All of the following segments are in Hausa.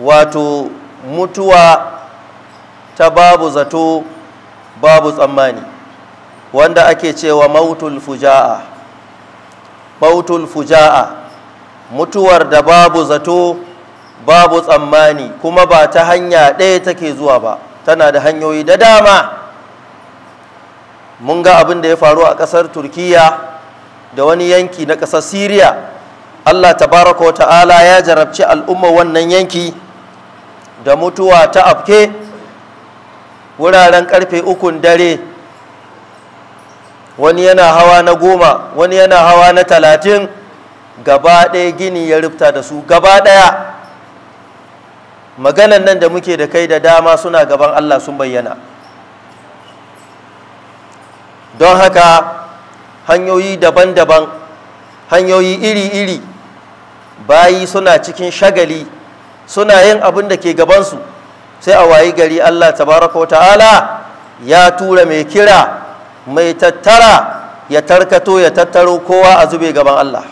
wato mutuwa ta babu zato babu tsammani wanda ake cewa mautul fuja'a mautul fuja'a mutuwar da babu zato babu tsammani kuma ba ta hanya ɗaya take zuwa ba tana da hanyoyi da dama mun ga abin da ya faru a ƙasar turkiya da wani yanki na ƙasar siriya allah tabaraka wa ta'ala ya jarabci al'umma wannan yanki da mutuwa ta afke wuraren karfe ukun dare wani yana hawa na goma wani yana hawa na talatin gaba ɗaya gini ya rufta da su gaba ɗaya maganan nan da muke da kai da dama suna gaban allah sun bayyana don haka hanyoyi daban-daban hanyoyi iri-iri bayi suna cikin shagali suna yin abin da ke gabansu sai a wayi gari Allah tabaraka wa ta'ala ya tura mai kira mai tattara ya tarkato ya tattaro kowa a zube gaban Allah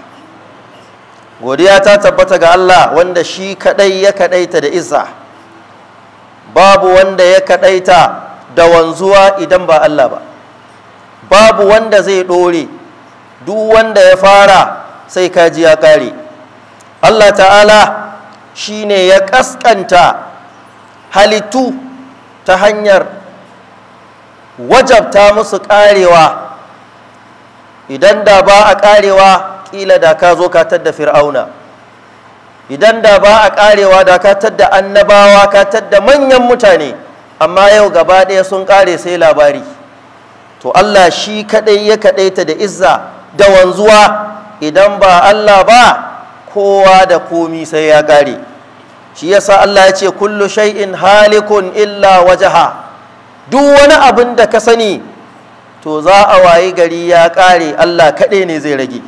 godiya ta tabbata ga Allah wanda shi kadai ya kadaita da isa babu wanda ya kadaita da wanzuwa idan ba Allah ba babu wanda zai dore duk wanda ya fara sai kaji ya kare Allah ta'ala Shi ne ya ƙasƙanta halittu ta hanyar wajabta musu karewa idan da ba a karewa kila da ka zo ka da fir'auna idan da ba a karewa da ka da annabawa ka da manyan mutane amma yau gaba ɗaya sun ƙare sai labari to Allah shi kaɗai ya kaɗaita da izza da wanzuwa idan ba Allah ba kowa da komi sai ya gare shi yasa Allah ya ce kullu shay'in halikun illa wajaha duk wani abin da ka sani to za a wayi gari ya kare Allah kaɗai ne zai rage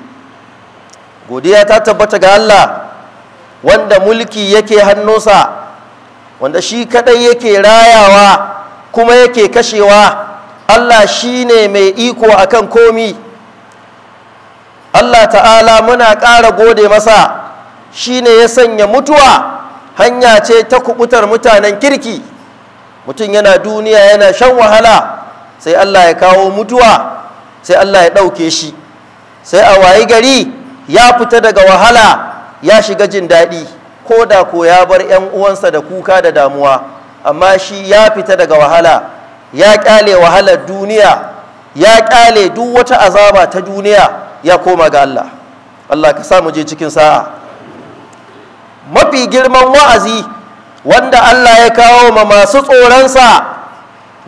godiya ta tabbata ga Allah wanda mulki yake hannunsa wanda shi kaɗai yake rayawa kuma yake kashewa Allah shi ne mai iko akan komi Allah ta'ala muna ƙara gode masa shi ne ya sanya mutuwa hanya ce ta kubutar mutanen kirki mutum yana duniya yana shan wahala sai Allah ya kawo mutuwa sai Allah ya ɗauke shi sai a wayi gari ya fita daga wahala ya shiga jin daɗi ko da ko ya bar 'yan uwansa da kuka da damuwa amma shi ya fita daga wahala ya ƙyale wahalar duniya ya ƙyale duk wata azaba ta duniya ya koma ga Allah Allah ka sa mu je cikin sa'a mafi girman wa'azi wanda Allah ya kawo ma masu tsoronsa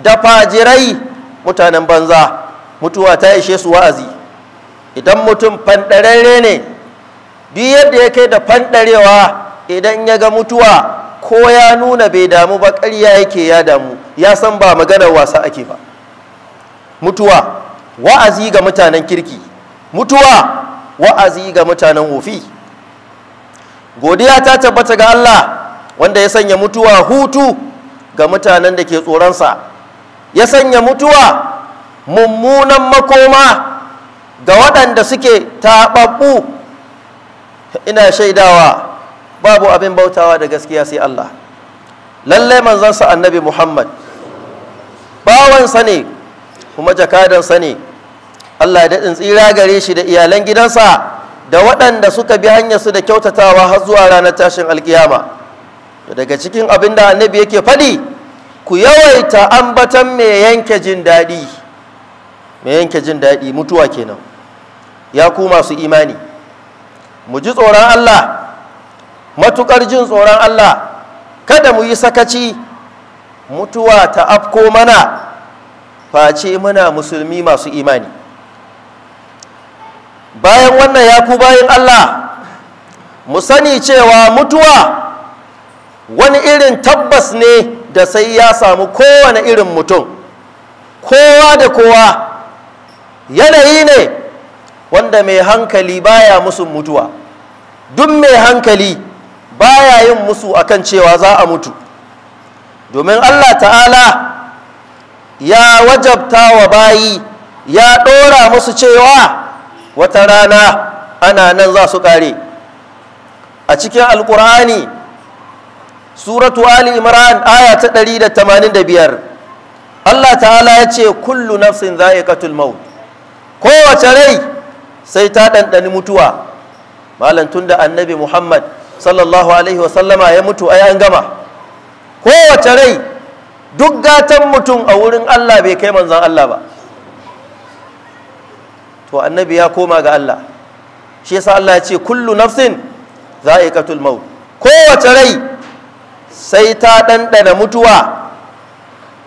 da fajirai mutanen banza mutuwa ta ishe su wa'azi idan mutum fanɗararre ne duk yadda ya kai da fanɗarewa idan ya ga mutuwa ko ya nuna bai damu ba ƙarya yake ya damu ya san ba maganar wasa ake ba mutuwa wa'azi ga mutanen kirki mutuwa wa'azi ga mutanen wofi godiya ta tabbata ga Allah wanda ya sanya mutuwa hutu ga mutanen da ke tsoronsa ya sanya mutuwa mummunan makoma ga waɗanda suke taɓaɓɓu ina shaidawa babu abin bautawa da gaskiya sai Allah lallai manzansa annabi Muhammad bawansa ne kuma jakadansa ne Allah ya daɗin tsira gare shi da iyalan gidansa da waɗanda suka bi su da kyautatawa har zuwa ranar tashin alkiyama daga cikin abin da annabi yake faɗi ku yawaita ambatan mai yanke jin daɗi mai yanke jin daɗi mutuwa kenan ya ku masu imani mu ji tsoron Allah matukar jin tsoron Allah kada mu yi sakaci mutuwa ta afko mana face muna musulmi masu imani bayan wannan ya ku bayan Allah mu sani cewa mutuwa wani irin tabbas ne da sai ya samu kowane irin mutum kowa da kowa yanayi ne wanda mai hankali baya musu mutuwa duk mai hankali baya yin musu akan cewa za a mutu domin Allah ta'ala ya wajabta wa bayi ya ɗora musu cewa wata rana ana nan za su ƙare a cikin alkur'ani suratu ali imran aya ta 185 allah ta'ala ya ce kullu nafsin za'iqatul maut kowace rai sai ta ɗanɗani mutuwa malam tunda annabi muhammad sallallahu alaihi wasallama ya mutu ai an gama kowace rai duk gatan mutum a wurin Allah bai kai manzan Allah ba to annabi ya koma ga Allah shi yasa Allah ya ce kullu nafsin za'iqatul maut kowace rai sai ta ɗanɗana mutuwa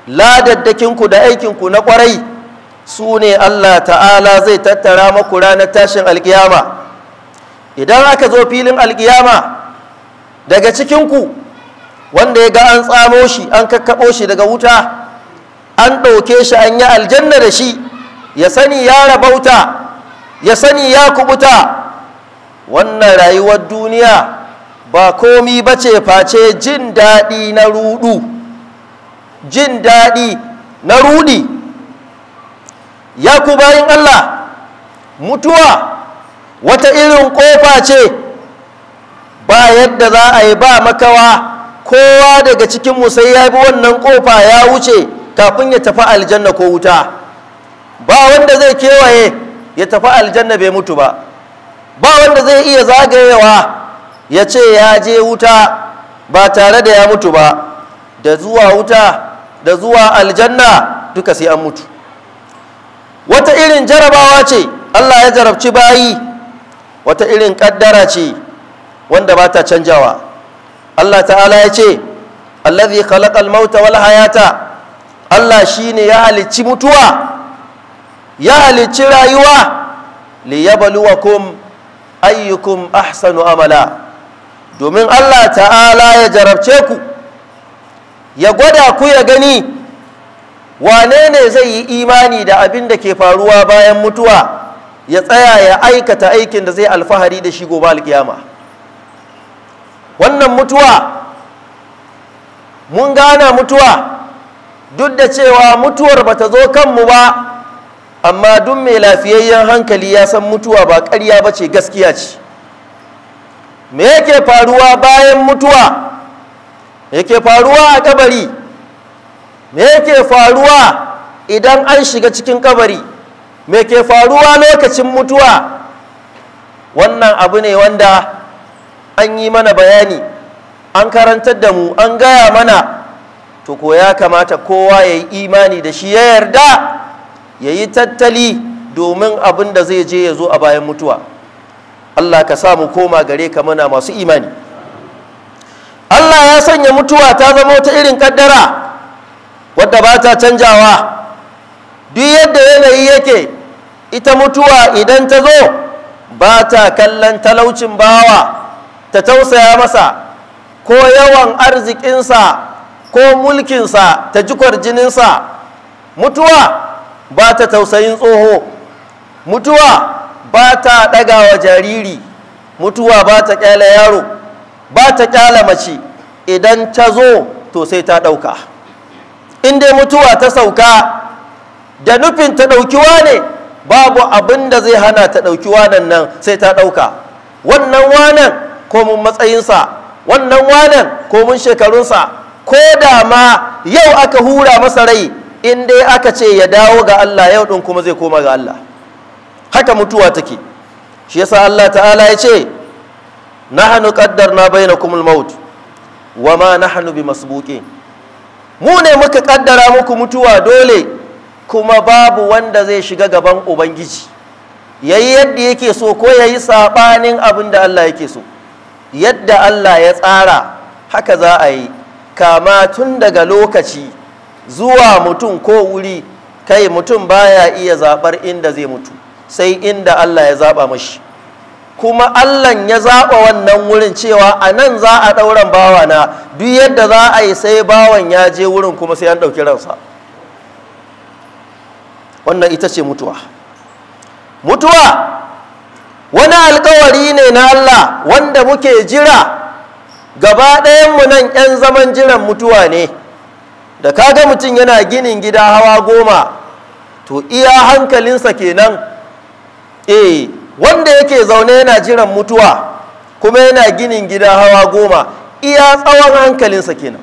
ladaddakinku da aikinku na kwarai, su ne Allah ta'ala zai tattara maku ranar tashin alkiyama idan aka zo filin alkiyama daga cikin ku. wanda ya ga an tsamo shi an kakkaɓo shi daga wuta an ɗauke shi an yi aljanna da shi ya sani ya rabauta ya sani ya kubuta wannan rayuwar duniya ba komi ba ce face jin daɗi na rudu jin daɗi na rudi ya ku bayan Allah mutuwa wata irin ƙofa ce ba yadda za a yi ba makawa kowa daga cikinmu sai ya bi wannan kofa ya wuce kafin ya tafi aljanna ko wuta ba wanda zai kewaye ya tafi aljanna bai mutu ba ba wanda zai iya zagayewa ya ce ya je wuta ba tare da ya mutu ba da zuwa wuta da zuwa aljanna duka sai an mutu wata irin jarabawa ce Allah ya jarabci bayi wata irin kaddara ce wanda ba ta canjawa Allah ta'ala ya ce allazi khalaqal mauta wal hayata Allah shine ya halicci mutuwa ya halicci rayuwa yabluwakum ayyukum ahsanu amala domin Allah ta'ala ya jarabce ku ya gwada ku ya gani wane ne zai yi imani da abin da ke faruwa bayan mutuwa ya tsaya ya aikata aikin da zai alfahari da shi gobe alkiyama wannan mutuwa mun gana mutuwa duk da cewa mutuwar bata zo kanmu ba amma duk mai lafiyayyen hankali ya san mutuwa ba karya ba ce gaskiya ce me yake faruwa bayan mutuwa me yake faruwa a kabari me yake faruwa idan an shiga cikin kabari me ke faruwa lokacin mutuwa wannan abu ne wanda an yi mana bayani an karantar da mu an gaya mana to ko ya kamata kowa ya yi imani da shi ya yarda ya yi tattali domin abin da zai je ya zo a bayan mutuwa Allah ka samu koma gare ka muna masu imani Allah ya sanya mutuwa ta zama wata irin kaddara wadda ba ta canjawa duk yadda yanayi yake ita mutuwa idan ta zo ba ta kallon talaucin bawa ta tausaya masa ko yawan arzikinsa ko mulkinsa ta jikwar jininsa mutuwa ba ta tausayin tsoho mutuwa ba ta ɗagawa jariri mutuwa ba ta ƙyala yaro ba ta ƙyala mace idan ta zo to sai ta ɗauka in dai mutuwa ta sauka da nufin ta ɗaukiwa ne babu abin da zai hana ta ɗauki nan sai ta ɗauka wannan wanan ko mun matsayinsa wannan wanan ko mun shekarunsa ko da ma yau aka hura masa rai in dai aka ce ya dawo ga Allah yau ɗin kuma zai koma ga Allah haka mutuwa take shi yasa Allah ta'ala ya ce nahnu qaddarna bainakum al-maut wa ma nahnu bimasbuqin mu ne muka kaddara muku mutuwa dole kuma babu wanda zai shiga gaban ubangiji yayi yadda yake so ko yayi sabanin abin da Allah yake so yadda Allah ya tsara haka za a yi kama tun daga lokaci zuwa mutum ko wuri kai mutum baya iya zaɓar inda zai mutu sai inda Allah ya zaba mashi kuma Allah ya zaɓa wannan wurin cewa a nan za a ɗauran bawana duk yadda za a yi sai bawan ya je wurin kuma sai an ɗauki ransa wannan ita ce mutuwa mutuwa wani alkawari ne na Allah wanda muke jira gaba ɗayanmu nan 'yan zaman jiran mutuwa ne da kaga mutum yana ginin gida hawa goma to iya hankalinsa kenan e wanda yake zaune yana jiran mutuwa kuma yana ginin gida hawa goma iya tsawon hankalinsa kenan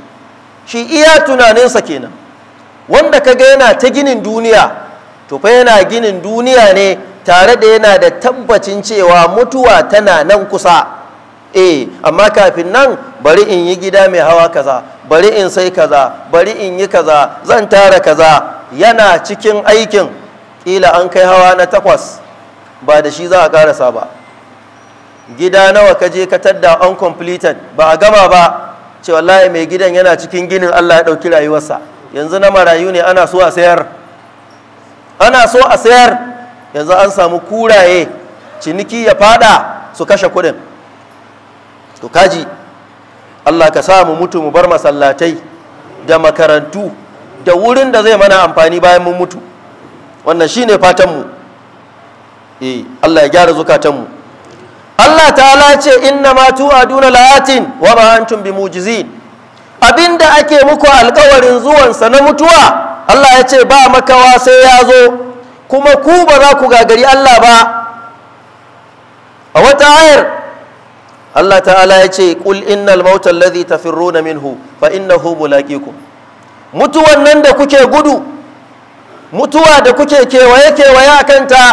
shi iya tunaninsa kenan wanda kaga yana ta ginin duniya to fa yana ginin duniya ne tare da yana da tabbacin cewa mutuwa tana nan kusa eh amma kafin nan bari in yi gida mai hawa kaza bari in sai kaza bari in yi kaza zan tara kaza yana cikin aikin kila an kai hawa na takwas ba da shi za a karasa ba gida nawa ka je ka tadda uncompleted ba a gama ba ce wallahi mai gidan yana cikin ginin Allah ya ɗauki rayuwarsa yanzu na marayu ne ana so a sayar ana so a sayar yanzu an samu kuraye ciniki ya fada su kashe kudin to kaji Allah ka sa mu mutu mu bar masallatai da makarantu da wurin da zai mana amfani bayan mun mutu wannan shine fatanmu eh Allah ya gyara zukatanmu Allah ta'ala ce inna ma tu'aduna la'atin wa ma antum bimujizin abinda ake muku alƙawarin zuwansa na mutuwa Allah ya ce ba makawa sai ya zo kuma ku ba za ku gagari Allah ba a wata ayar Allah ta'ala ya ce ƙul innal mauta allazi tafirruna minhu fa hu ku mutuwan nan da kuke gudu mutuwa da kuke kewaye kewaye a kanta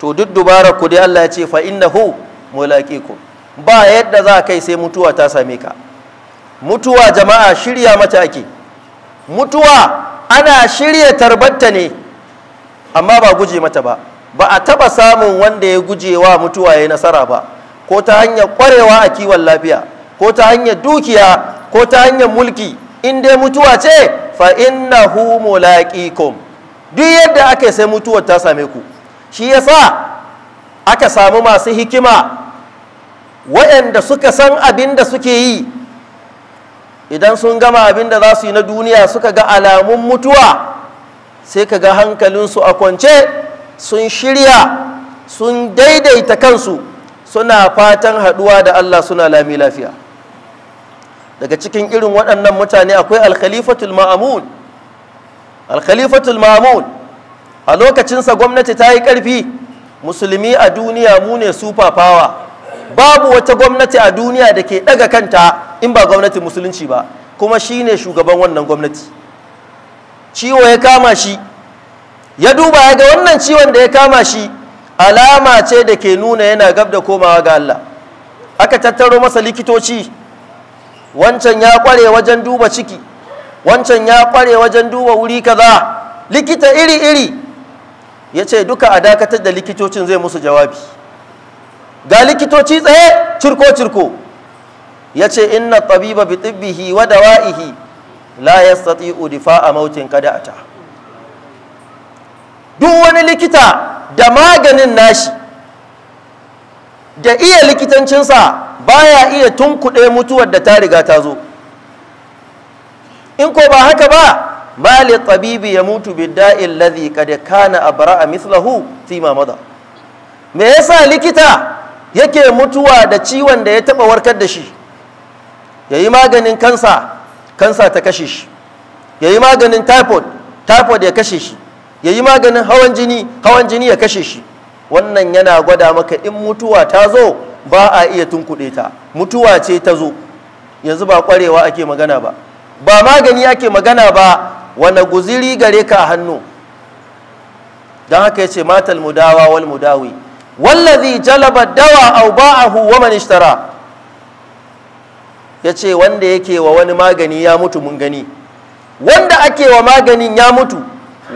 to duk dubara ku dai Allah ya ce fa innahu ku ba yadda za a kai sai mutuwa ta same ka mutuwa jama'a shirya mata ake mutuwa ana shirya tarbatta ne amma ba guje mata ba ba a taba samun wanda ya guje wa mutuwa ya nasara ba ko ta hanyar kwarewa a kiwon lafiya ko ta hanyar dukiya ko ta hanyar mulki in dai mutuwa ce fa hu mulaqikum duk yadda aka sai mutuwar ta same ku shi yasa aka samu masu hikima waɗanda suka san abin da suke yi idan sun gama abin da za su yi na duniya suka ga alamun mutuwa sai ka ga hankalinsu a kwance sun shirya sun daidaita kansu suna fatan haɗuwa da Allah suna lami lafiya daga cikin irin waɗannan mutane akwai alkhalifatul ma'amun alkhalifatul ma'amun a lokacinsa gwamnati ta yi ƙarfi musulmi a duniya mu ne super babu wata gwamnati a duniya da ke ɗaga kanta in ba gwamnatin musulunci ba kuma shi ne shugaban wannan gwamnati ciwo ya kama shi ya duba ya ga wannan ciwon da ya kama shi alama ce da ke nuna yana gab da komawa ga Allah aka tattaro masa likitoci wancan ya kware wajen duba ciki wancan ya kware wajen duba wuri kaza likita iri-iri ya ce duka a dakatar da likitocin zai musu jawabi ga likitoci tsaye cirko-cirko ya ce inna tabiba bi tibbihi wa dawa'ihi la udifa a mautin kada ta. duk wani likita da maganin nashi da iya likitancinsa baya iya tunkuɗe mutuwar da ta riga ta zo in ko ba haka ba mali tsabibi ya mutu bidda'in ladhi kada kana a mislahu fi ma mada me yasa likita yake mutuwa da ciwon da ya taɓa warkar da shi Ya yi maganin kansa kansa ta kashe shi ya yi maganin typhoid typhoid ya kashe shi ya yi maganin hawan jini hawan jini ya kashe shi wannan yana gwada maka in mutuwa ta zo ba a iya tunkuɗe ta mutuwa ce ta zo yanzu ba ƙwarewa ake magana ba ba magani ake magana ba wane guziri gare ka a hannu don haka ya ce matal mudawa wal mudawi wallazi jalaba dawa au ba'ahu wa man ishtara ya ce wanda yake wa wani magani ya mutu mun gani wanda ake wa maganin ya mutu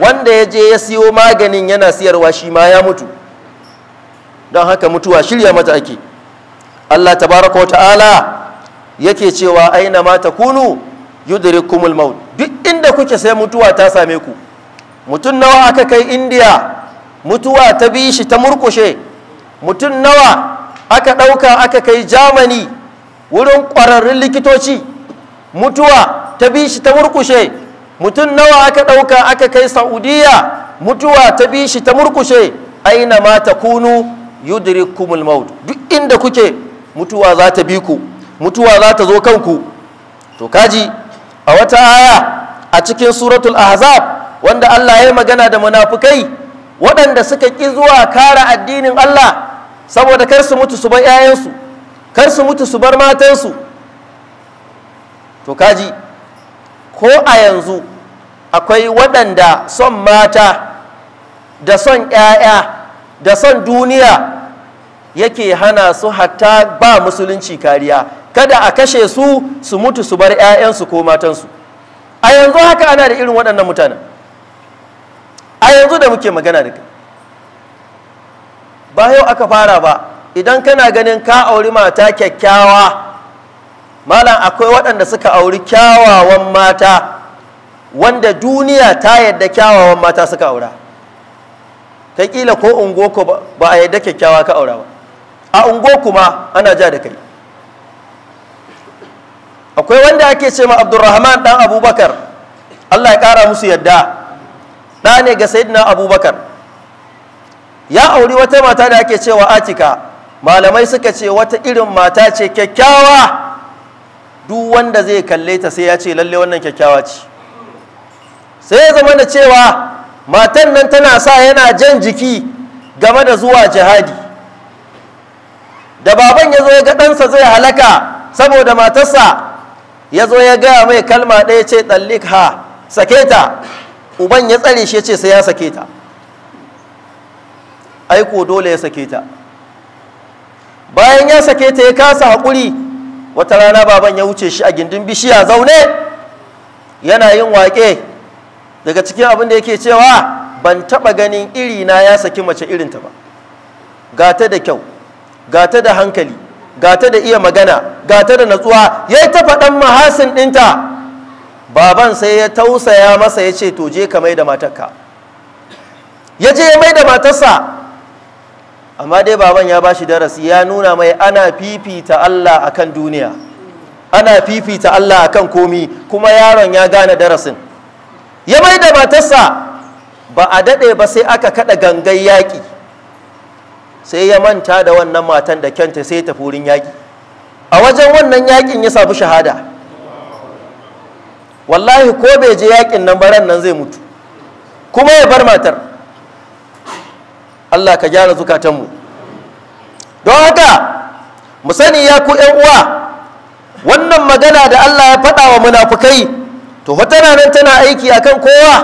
wanda ya je ya siyo maganin yana siyarwa shi ma ya mutu don haka mutuwa shirya mata ake Allah tabaraka wa ta'ala yake cewa aina ma Kunu, yudrikumul maut duk inda kuke sai mutuwa ta same ku mutum nawa aka kai indiya mutuwa ta bi shi ta murkushe mutum nawa aka ɗauka aka kai Jamani? wurin ƙwararrun likitoci mutuwa ta bi shi ta murkushe mutum nawa aka ɗauka aka kai saudiya mutuwa ta bi shi ta murkushe aina ma ta kunu kumul maut duk inda kuke mutuwa za ta bi ku mutuwa za ta zo kanku to kaji a wata aya a cikin suratul ahzab wanda Allah ya magana da munafukai waɗanda suka ƙi zuwa kara addinin Allah saboda kar su mutu su bar 'ya'yansu kar su mutu su bar matansu to kaji ko a yanzu akwai waɗanda son mata da son ‘ya'ya da son duniya yake hana su hatta ba musulunci kariya kada a kashe su su mutu su bar 'ya'yansu ko matansu a yanzu haka ana da irin waɗannan mutanen a yanzu da muke magana da ba yau aka fara ba idan kana ganin ka auri mata kyakkyawa malam akwai waɗanda suka auri kyawawan mata wanda duniya ta yadda kyawawan mata suka aura ta kila ko ungoku ba a yadda kyakkyawa ka aura ba a ungoku ma ana ja da kai akwai wanda ake ce ma abdurrahman dan abubakar allah ya kara musu yadda ɗa ne ga sayidina abubakar ya auri wata mata da ake cewa atika malamai suka ce wata irin mata ce kyakkyawa duk wanda zai kalle ta sai ya ce lalle wannan kyakkyawa ce sai ya zama da cewa matan nan tana sa yana jan jiki game da zuwa jihadi da baban ya zo ya ga ɗansa zai halaka saboda matarsa ya zo ya gaya mai kalma ɗaya ce ɗallik ha sake ta uban ya tsare shi ya ce sai ya sake ta aiko dole ya sake ta bayan ya sake ta ya kasa haƙuri wata rana baban ya wuce shi a gindin bishiya zaune yana yin waƙe daga cikin abin da yake cewa ban taɓa ganin iri na ya saki mace irinta ba gata da kyau gata da hankali gata da iya magana gata da natsuwa ya yi tafa faɗan mahasin ɗinta baban sai ya tausaya masa ya ce to je ka mai matarka ya je ya mai da matarsa amma dai baban ya bashi darasi ya nuna mai ana fifita Allah akan duniya ana fifita Allah akan komi kuma yaron ya gane darasin ya mai da matarsa ba a daɗe ba sai aka kaɗa gangan yaƙi sai ya manta da wannan matan da kyanta sai ta wurin yaƙi a wajen wannan yaƙin ya sabu shahada wallahi ko bai je yaƙin nan baran nan zai mutu kuma ya bar matar Allah ka gyara zukatanmu don haka mu sani ya ku ‘yan uwa wannan magana da Allah ya faɗa wa munafukai to tana nan tana aiki a kan kowa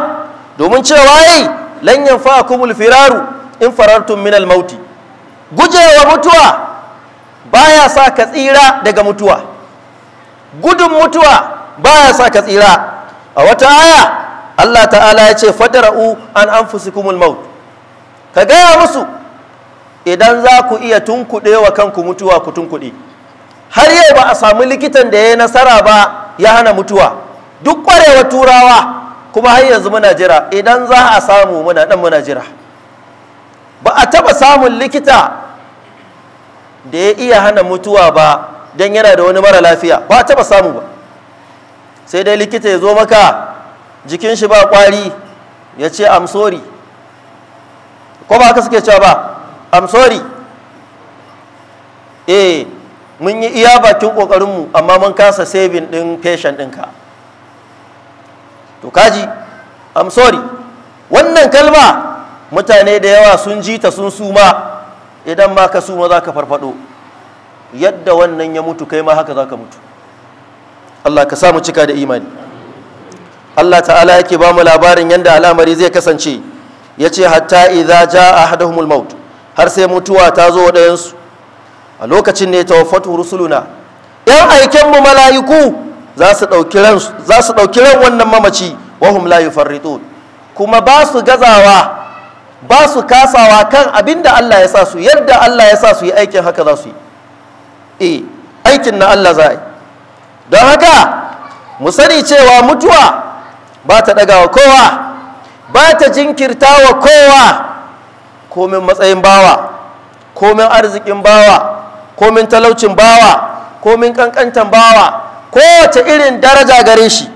domin cewa yi lanyan fa'akumul firaru in farartun minal mauti gujewa mutuwa baya sa ka tsira daga mutuwa gudun mutuwa baya sa ka tsira a wata aya Allah ta'ala ya ce fadara'u an kumul maut ka gaya musu idan za ku iya tunkuɗe wa kanku mutuwa ku tunkuɗe har yau ba a samu likitan da ya yi nasara ba ya hana mutuwa duk ƙwarewa turawa kuma har yanzu muna jira idan za a samu muna ɗan muna jira ba a taɓa samun likita da ya iya hana mutuwa ba don yana da wani mara lafiya ba a taɓa samu ba sai dai likita ya zo maka jikin shi ba ƙwari ya ce am sorry ko ba haka suke cewa ba i'm sorry eh mun yi iya bakin kokarinmu amma mun kasa saving din patient ɗinka to kaji i'm sorry wannan kalma mutane da yawa sun ji ta sun suma idan ma ka suma za ka farfado yadda wannan ya mutu kai ma haka za ka mutu Allah ka samu cika da imani Allah ta'ala yake ba mu labarin yadda al'amari zai kasance Ya ce hatta idza jaa ahaduhumul maut har sai mutuwa ta zo ɗayan a lokacin ne tawaffatu rusuluna yan aiken mu mala'iku za su dauki ran wannan mamaci wahum la yufarritu kuma ba su gazawa ba su kasawa kan abinda Allah ya sa su yadda Allah ya sa su yi aikin haka za su yi eh aikin na Allah za yi don haka mu sani cewa mutuwa ba ta ɗagawa kowa ba ta jinkirta wa kowa komin matsayin bawa komin arzikin bawa komin talaucin bawa komin kankantan bawa kowace irin daraja gare shi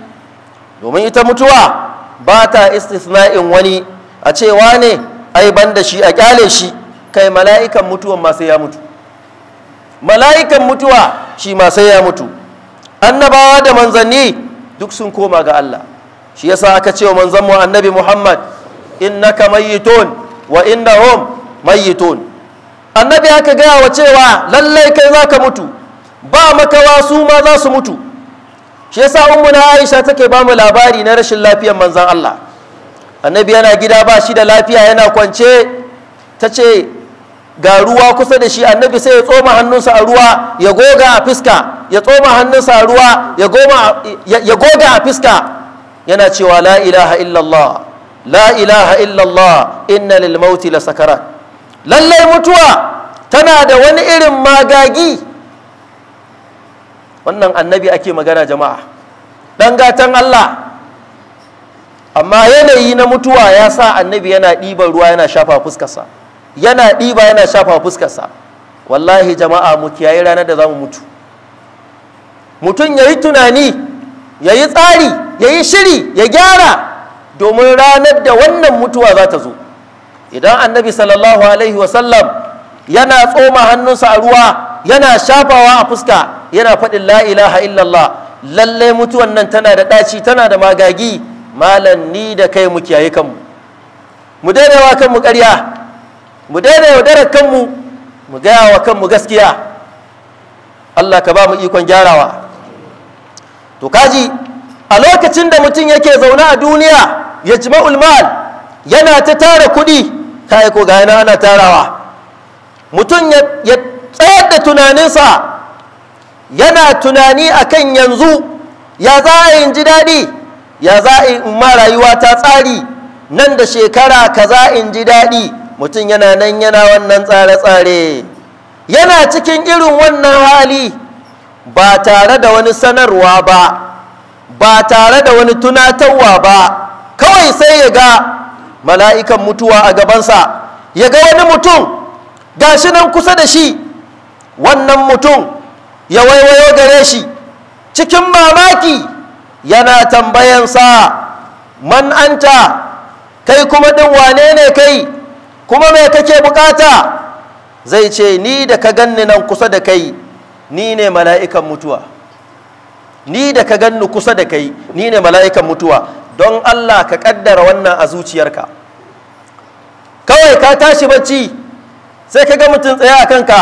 domin ita mutuwa ba ta istisna'in wani a cewa ne ai ban da shi a kyale shi kai mala'ikan mutuwan masu ya mutu mala'ikan mutuwa shi masu ya mutu annabawa da manzanni duk sun koma ga Allah shi yasa aka ce wa manzon mu annabi Muhammad innaka mayitun wa innahum mayitun annabi aka gaya wa cewa lallai kai zaka mutu ba makawa su ma za su mutu shi yasa na Aisha take ba mu labari na rashin lafiyar manzon Allah annabi yana gida ba shi da lafiya yana kwance tace ga ruwa kusa da shi annabi sai ya tsoma hannunsa a ruwa ya goga a fiska ya tsoma hannunsa a ruwa ya goga a fiska yana cewa la ilaha illallah la ilaha illallah inna lil mauti la sakarat lallai mutuwa tana da wani irin magagi wannan annabi ake magana jama'a dan gatan Allah amma yanayi na mutuwa ya sa annabi yana ɗiban ruwa yana shafa fuskarsa yana ɗiba yana shafa fuskarsa wallahi jama'a mu kiyaye ranar da za mu mutu mutum ya yi tunani ya yi tsari ya yi shiri ya gyara domin ranar da wannan mutuwa za ta zo idan annabi sallallahu alaihi wasallam yana tsoma hannunsa a ruwa yana shafawa a fuska yana faɗin la ilaha illallah lallai mutuwan nan tana da ɗaci tana da magagi malam ni da kai mu kiyaye kanmu mu daina wa kanmu ƙarya mu daina yaudarar kanmu mu gaya wa kanmu gaskiya Allah ka ba mu ikon gyarawa to kaji a lokacin da mutum yake zaune a duniya ya ci ma'ulmal yana ta tara kuɗi ta ko ga yana ana tarawa mutum ya tsayar da tunaninsa yana tunani a kan yanzu ya za a yin ji daɗi ya za a yi ma rayuwa ta tsari nan da shekara ka kaza in ji daɗi mutum yana nan yana wannan tsare-tsare yana cikin irin wannan hali ba tare da wani sanarwa ba ba tare da wani tunatarwa ba kawai sai ya ga mala'ikan mutuwa a gabansa ya ga wani mutum ga shi nan kusa da shi wannan mutum ya waiwayo gare shi cikin mamaki yana tambayansa man anta kai kuma ɗin wane ne kai kuma mai kake bukata zai ce ni da ka ganni nan kusa da kai ni ne mala'ikan mutuwa ni da ka ganni kusa da kai ni ne mala'ikan mutuwa don Allah ka kaddara wannan a zuciyarka kawai ka tashi bacci sai ka ga mutum tsaye a kanka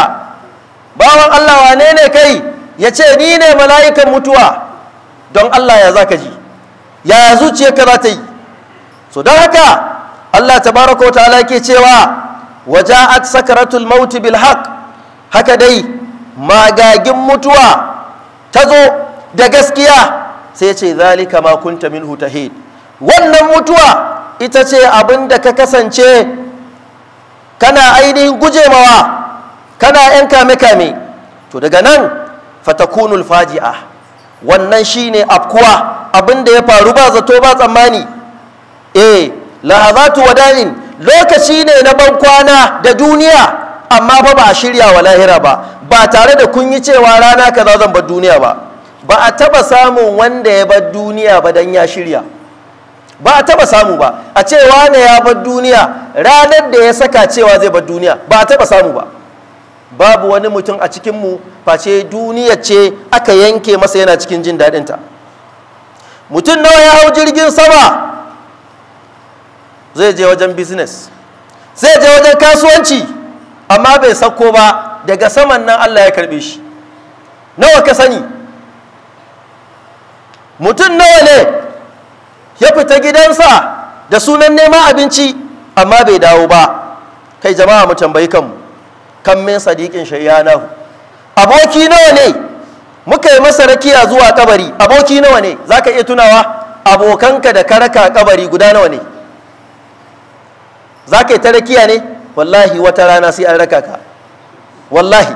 bawan Allah wane ne kai ya ce ni ne mala'ikan mutuwa don Allah ya za ka ji ya zuciyarka za ta yi so don haka Allah ta wa ta'ala yake cewa waja'at sakaratul mauti bil haq haka dai magagin mutuwa ta zo da gaskiya sai ce zalika ma kunta min hutahid wannan mutuwa ita ce abin da ka kasance kana ainihin gujemawa kana yan kame-kame to daga nan fatakunul faji'a wannan shi ne afkuwa abin da ya faru ba zato ba tsammani eh lahazatu wada'in lokaci ne na ban kwana da duniya amma ba ba a shirya wa lahira ba ba tare da kun yi cewa rana kaza zan bar duniya ba ba a taba samun wanda ya bar duniya ba dan ya shirya ba a taba samu ba a ce wane ya bar duniya ranar da ya saka cewa zai bar duniya ba a taba samu ba babu wani mutum a cikinmu face duniya ce aka yanke masa yana cikin jin ta mutum nawa ya hau jirgin sama zai je wajen business zai je wajen kasuwanci amma bai sauko ba daga saman nan Allah ya karbe shi nawa ka sani mutum nawa ne ya fita gidansa da sunan neman abinci amma bai dawo ba kai jama'a mu tambayi kanmu kan min sadiqin shayyanahu aboki nawa ne muka yi masa rakiya zuwa kabari aboki nawa ne zaka iya tunawa abokanka da karaka kabari guda nawa ne zaka yi ta rakiya ne wallahi wata rana sai an raka ka wallahi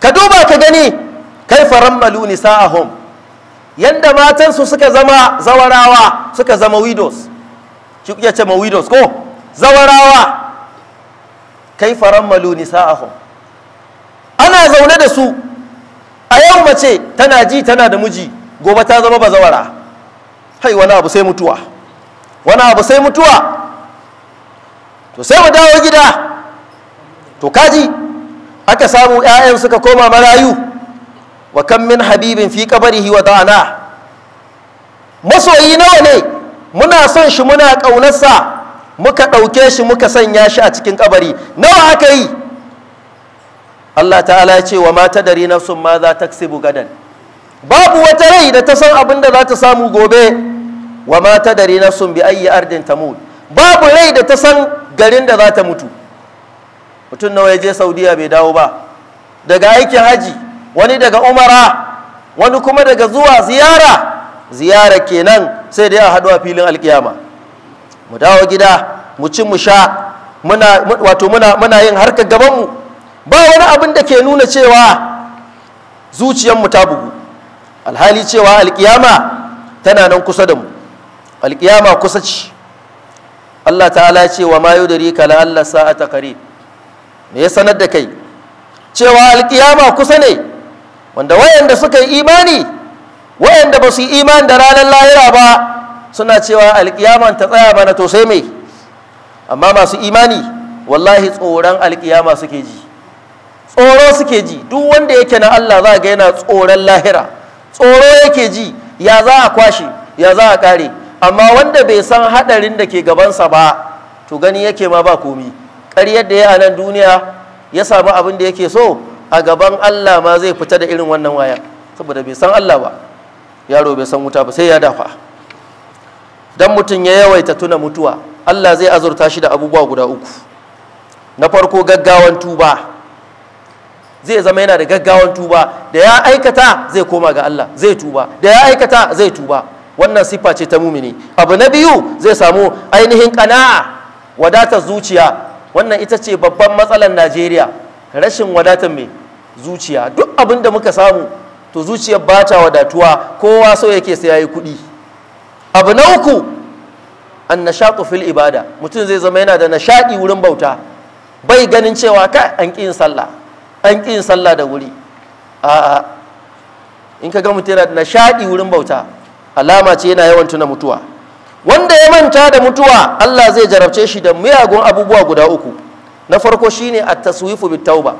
ka duba ka gani kai farammalu nisa'ahum yanda matansu suka zama zawarawa suka zama widows shi kuke ce ma widows ko zawarawa kai farammalu nisa'ahum ana zaune da su a yau mace tana ji tana da miji gobe ta zama ba zawara. hai wani abu sai mutuwa wani abu sai mutuwa to sai mu dawo gida to kaji aka samu ƴaƴan suka koma marayu wa kan min habibin fi kabarihi wa dana masoyi nawa ne muna son shi muna ƙaunarsa muka ɗauke shi muka sanya shi a cikin kabari nawa aka yi Allah ta'ala ya ce wa ma dari nafsun ma za ta gadan babu wata rai da ta san abin da za ta samu gobe wa ma dari nafsun bi ayyi ardin tamud babu rai da ta san garin da za ta mutu mutum nawa ya je saudiya bai dawo ba daga aikin haji wani daga umara wani kuma daga zuwa ziyara ziyara kenan sai dai a haɗu a filin alkiyama mu dawo gida mu ci mu sha wato muna yin harkar gabanmu ba wani abin da ke nuna cewa zuciyarmu ta bugu alhali cewa alkiyama tana nan kusa da mu alkiyama kusa ce Allah ta'ala ce wa ma yudri la Sa'a sa'ata qarib me ya sanar da kai cewa alkiyama kusa ne wanda wayanda suka yi imani wayanda ba su yi imani da ranar lahira ba suna cewa alkiyama ta tsaya mana to sai me amma masu imani wallahi tsoron alkiyama suke ji tsoro suke ji duk wanda yake na Allah za ga yana tsoron lahira tsoro yake ji ya za a kwashe ya za a kare amma wanda bai san hadarin da ke gabansa ba to gani yake ma ba komi ƙaryar da ya a nan duniya ya samu abin da yake so a gaban Allah ma zai fita da irin wannan waya saboda bai san Allah ba yaro bai san wuta ba sai ya dafa dan mutum ya yawaita tuna mutuwa Allah zai azurta shi da abubuwa guda uku na farko gaggawan tuba zai zama yana da gaggawan tuba da ya aikata zai koma ga Allah zai tuba da ya aikata zai tuba wannan sifa ce ta mumini abu na biyu zai samu ainihin ƙana'a wadatar zuciya wannan ita ce babban matsalar najeriya rashin wadatar mai zuciya duk abin da muka samu to zuciyar ba ta wadatuwa kowa so yake sai ya yi kuɗi abu na uku an nashaƙu fil ibada mutum zai zama yana da nishaɗi wurin bauta bai ganin cewa ka an ƙi sallah an ƙi sallah da wuri a'a in ka ga mutum yana da nishaɗi wurin bauta alama ce yana yawan tuna mutuwa wanda ya manta da mutuwa Allah zai jarabce shi da miyagun abubuwa guda uku na farko shine at-taswifu bit-tauba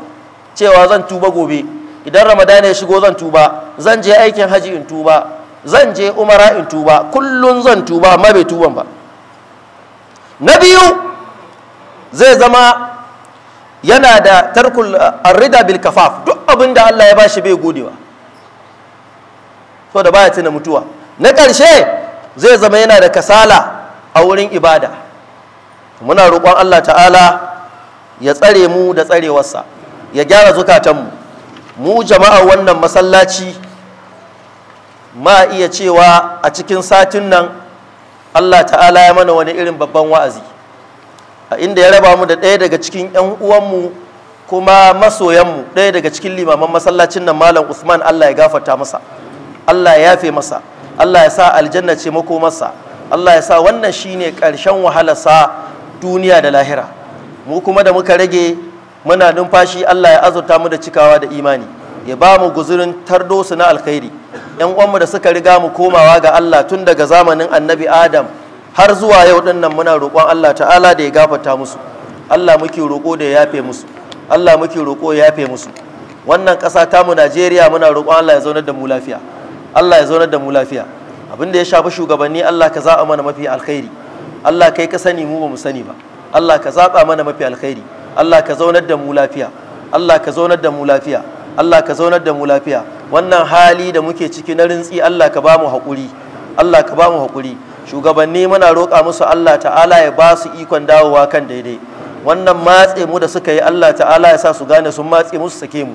cewa zan tuba gobe idan ramadan ya shigo zan tuba zan je aikin haji in tuba zan je umara in tuba kullun zan tuba amma bai tuban ba na biyu zai zama yana da tarkul arrida bil kafaf duk abinda Allah ya bashi bai godewa So da baya tuna mutuwa na ƙarshe zai zama yana da kasala a wurin ibada muna roƙon Allah ta'ala ya tsare mu da tsarewarsa ya gyara zukatanmu mu jama'a wannan masallaci ma iya cewa a cikin satin nan Allah ta'ala ya mana wani irin babban wa'azi a inda ya raba mu da ɗaya daga cikin 'yan uwanmu kuma masoyanmu ɗaya daga cikin limaman masallacin nan malam Usman Allah ya gafarta masa Allah ya yafe masa Allah ya sa aljanna ce makomarsa Allah ya sa wannan shine ƙarshen wahalarsa duniya da lahira mu kuma da muka rage muna numfashi Allah ya azurta mu da cikawa da imani ya ba mu guzurin tardo su na alkhairi yan uwanmu da suka riga mu komawa ga Allah tun daga zamanin annabi Adam har zuwa yau din nan muna roƙon Allah ta'ala da ya gafarta musu Allah muke roƙo da ya yafe musu Allah muke roƙo ya yafe musu wannan ƙasa tamu Najeriya muna roƙon Allah ya zaunar da mu lafiya Allah ya zaunar da mu lafiya abin da ya shafi shugabanni Allah ka zaɓa mana mafi alkhairi Allah kai ka sani mu ba mu sani ba Allah ka zaɓa mana mafi alkhairi Allah ka zaunar da mu lafiya Allah ka zaunar da mu lafiya Allah ka zaunar da mu lafiya wannan hali da muke ciki na rintsi Allah ka ba mu haƙuri Allah ka ba mu haƙuri shugabanni muna roƙa musu Allah ta'ala ya ba su ikon dawowa kan daidai wannan matse mu da suka yi Allah ta'ala ya sa su gane sun matse musu sake mu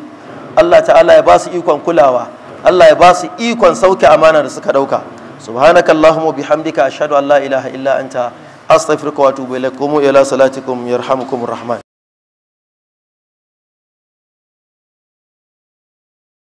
Allah ta'ala ya ba su ikon kulawa Allah ya ba su ikon sauke amana da suka dauka subhanakallahumma bihamdika ashhadu an la ilaha illa anta astaghfiruka wa atubu ilaik qumu ila salatikum yarhamukum rahman